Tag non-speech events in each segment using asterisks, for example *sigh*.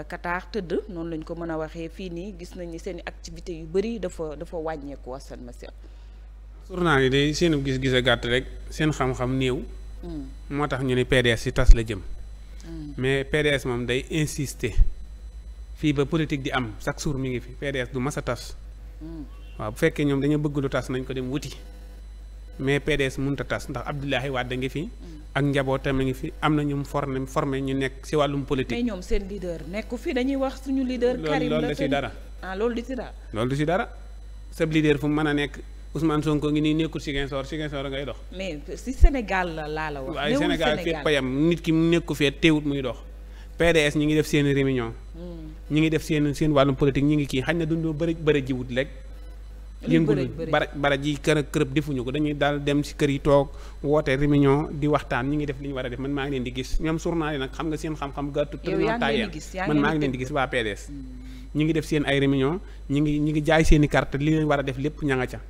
nga Qatar tëdd noonu lañ ko mën a waxee fii nii gis nañ ni seen i activité yu bëri dafa dafa wàññeeku Assane Massew naa yi day seen gis-gis a gàtt rek seen xam-xam néew hmm. moo tax ñu ne PDS ci tas la jëm hmm. mais PDS moom day insister fii ba politique di am chaque jour mi ngi fi PDS du mas a tas hmm. waaw bu fekkee ñoom dañoo bëgg lu tas nañ ko dem wuti mais PDS mënut tas ndax Abdoulaye Wade ngi fi ak njabootam mi ngi fi am na ñu formé formé ñu nekk si wàllum politique. mais ñoom seen leader nekku fi dañuy wax suñu leader. Karim la si dara ah, loolu di si dara. loolu du si dara sab leader fu mu mën a nekk Ousmane Sonko ngi nii nekkul Ziguinchor Ziguinchor ngay dox. mais si Sénégal la laa la wax. waaye Sénégal fépp a yem nit ki mu nekku fee teewut muy dox. PDS ñi ngi def seen réunion. Hmm. ñi ngi def seen seen wàllum politique ñi ngi kii xañ na dundoo bëri bëri jiwut rek. yënguñu bara bara ji kër kërëb defuñu ko dañuy daal dem si kër yi toog woote réunion di waxtaan ñu ngi def li ñu war a def man maa ngi leen di gis ñoom journal yi nag xam nga seen xam-xam gàttu tëñoo taayeen man maa ngi leen di gis waa PDS ngi def seen ay réunion ñi ngi ñi ngi jaay seen i carte li leen war a def lépp ña nga ca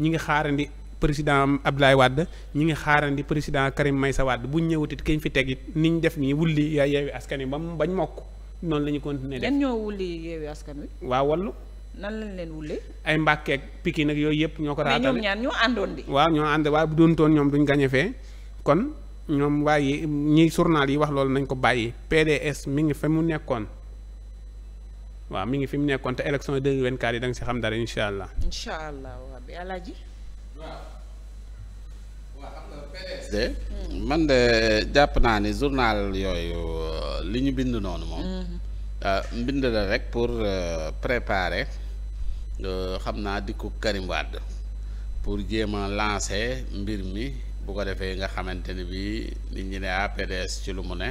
ñi ngi xaarandi président Abdoulaye Wade ñi ngi xaarandi président Karim Meïssa Wade buñ ñëwatit kenn fi teg it ni ñu def nii wulli yaa yeewi askan wi ba bañ mokk noonu la ñu continuer def ñoo wulli askan wi waa wallu nan lañ leen wulee. ay mbàkkeeg piki nag yooyu yëpp ñoo ko. raatale mais ñoom ñaar ñoo àndoon di. waaw ñoo ànd waaye bu doontoon ñoom duñ gañe fee kon ñoom waaye ñi journal yi wax loolu nañ ko bàyyi PDS mi ngi fa mu nekkoon waaw mi ngi fi mu nekkoon te élection 2024 yi da nga si xam dara incha allah. incha allah waaw bi alaaji. man de jàpp naa ni journal yooyu li ñu bind noonu moom. Mm-hmm. Ah, mbind la rek pour euh, préparer. Euh, xam naa dikku Karim Wade pour jéem a lancer mbir mi bu ko defee nga xamante ni bi nit ñi ne ah PDS ci lu mu ne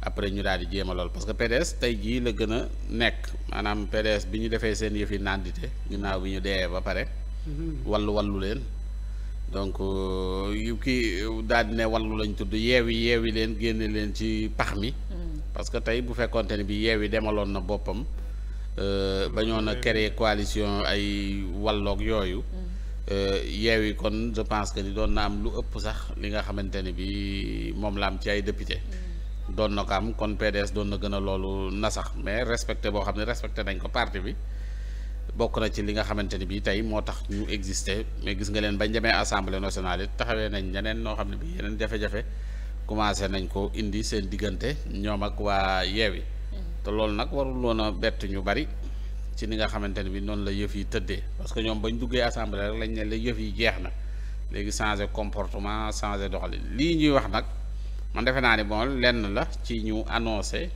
après ñu daal di jéem lool parce que PDS tey jii la gën a nekk maanaam PDS bi ñu defee seen yëfi yi nandite ginnaaw bi ñu dee ba pare. Mm-hmm. wallu wallu leen. donc euh, yu kii daal di ne wallu lañ tudd yeewi yeewi leen génne leen ci pax mi. Mm. parce que tey bu fekkonte ne bi yeewi demaloon na boppam. Euh, bañoon a créer coalition ay walloog yooyu euh, yeewi kon je pense que ni doon na am lu ëpp sax li nga xamante ne bi moom la am ci ay député mm. doon na ko am kon PDS doon na gën a loolu na sax mais respecté boo xam ne respecté nañ ko parti bi bokk na ci li nga xamante ni bii tey moo tax ñu existé mais gis nga leen ba demee assemblée nationale it taxawee nañ ñeneen noo xam ne bi yeneen jafe-jafe commencé nañ ko indi seen diggante ñoom ak waa yeewi te loolu nag warul woon a bett ñu bari ci ni nga xamante ne bi noonu la yëf yi tëddee parce que ñoom bañ duggee assemblée rek lañ ne la yëf yi jeex na léegi changer comportement changer doxalin lii ñuy wax nag man defe naa ni bon lenn la ci ñu annoncé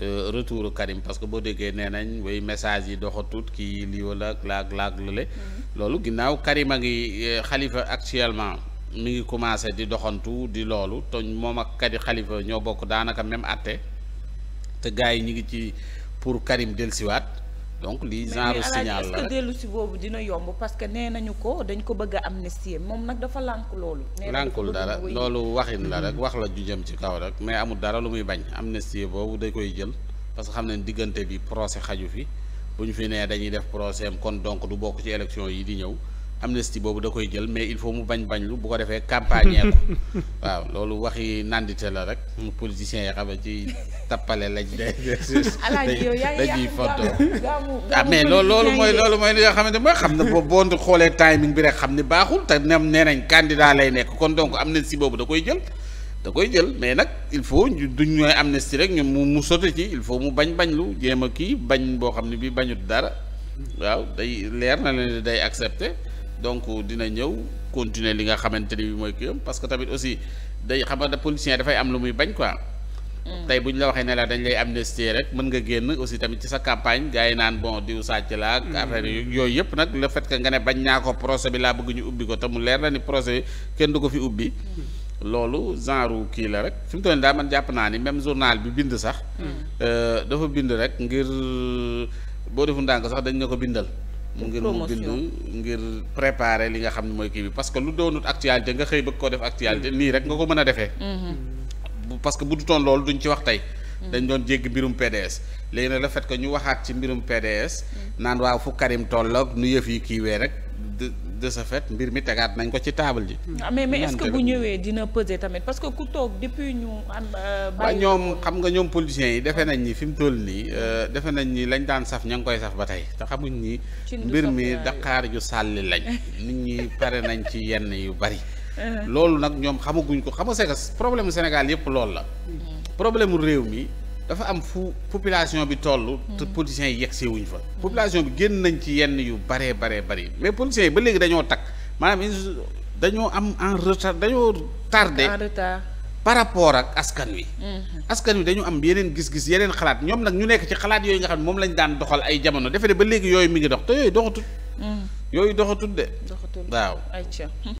euh, retour Karim parce que boo déggee nee nañ way message yi doxatut kii lii wala laag laag lële mm-hmm. loolu ginnaaw Karim a ngi euh, xalifa actuellement mu ngi commencé di doxantu di loolu te moom ak kadi xalifa ñoo bokk daanaka même atte te gars yi ñu ngi ci pour Karim dellusiwaat donc lii genre signal la est-ce dellusi boobu dina yomb parce que nee nañu ko dañ ko bëgg am amnistie moom nag dafa lànk loolu. lànkul dara loolu waxin la rek mm-hmm. wax la ju jëm ci kaw rek mais amul dara lu muy bañ am amnistie boobu dañ koy jël parce que xam ne diggante bi procès xaju fi bu ñu fi nee dañuy def procès am kon donc du bokk ci élection yi di ñëw. amnistie boobu da koy jël mais il faut mu bañ bañ lu bu ko defee campagne *laughs* waaw loolu waxi nandite la rek politiciens yi xam ci tappale lañ day *laughs* *laughs* dañuy foto ah loolu mooy loolu mooy li nga xamante mooy xam ne boo xoolee timing bi rek xam ne baaxul te nem nee nañ candidat lay nekk kon donc amnistie boobu da koy jël da koy jël mais nag il faut duñ ñooy amnistie rek ñun mu mu sotti ci il faut mu bañ bañ lu jéem kii bañ boo xam ne bi bañut dara mm. waaw day leer na leen day accepté donc dina ñëw continuer li nga xamante ni bi mooy kiyam parce que tamit aussi day xam nga politicien dafay am lu muy bañ quoi mm. tey bu ñu la waxee ne dañ lay amnistie rek mën nga génn aussi tamit ci sa campagne gars naan bon diw sàcc la ak mm. affaire yooyu yëpp nag la fait que nga ne bañ naa ko procès bi laa bëgg ñu ubbi ko te leer na ni procès bi kenn du ko fi ubbi mm. loolu genre kii la rek fi mu toll nii daa man jàpp naa ni même journal bi bind sax euh, dafa bind rek ngir boo defu ndànk dañ ne ko bindal mu ngir mu bind ngir préparer li nga xam ne mooy kii bi parce que lu doonut actualité nga xëy bëgg koo def actualité mm. nii rek nga ko mën a defee mm-hmm. parce que bu dutoon loolu duñ ci wax tey mm-hmm. dañ doon jéggi mbirum PDS léegi nag le fait que ñu waxaat ci mbirum PDS mm. naan waaw fu Karim toll ak nu yëf yi kiiwee rek de de fait mbir mi tegaat nañ ko ci taabal ji. Ah, mais mais est-ce bu ñëwee dina peser tamit parce que ku toog depuis ñu am. Euh, bàyyi ñoom xam nga ñoom politiciens yi defe nañ ni fi mu toll nii euh, defe nañ ni lañ daan saf ña ngi koy saf ba tey te xamuñ ni. mbir mi daqaar ju sàlli lañ. *laughs* nit ñi pare nañ ci yenn yu bari. Uh-huh. loolu nag ñoom xamaguñ ko xam nga c'est que problème Sénégal yëpp loolu la. Mm-hmm. problème réew mi. dafa am fu population bi toll. te hmm. politiciens yi yegsee wuñ fa. population bi génn nañ ci yenn yu baree baree bari mais politiciens yi ba léegi dañoo takk maanaam dañoo am en retard dañoo tardé. en retard par rapport ak askan wi. Hmm. askan wi dañu am yeneen gis-gis yeneen xalaat ñoom nag ñu nekk ci xalaat yooyu nga xam ne moom lañ daan doxal ay jamono defe ne ba léegi yooyu mi ngi dox te yooyu doxatul. Hmm. yooyu doxatul de. doxatul waaw.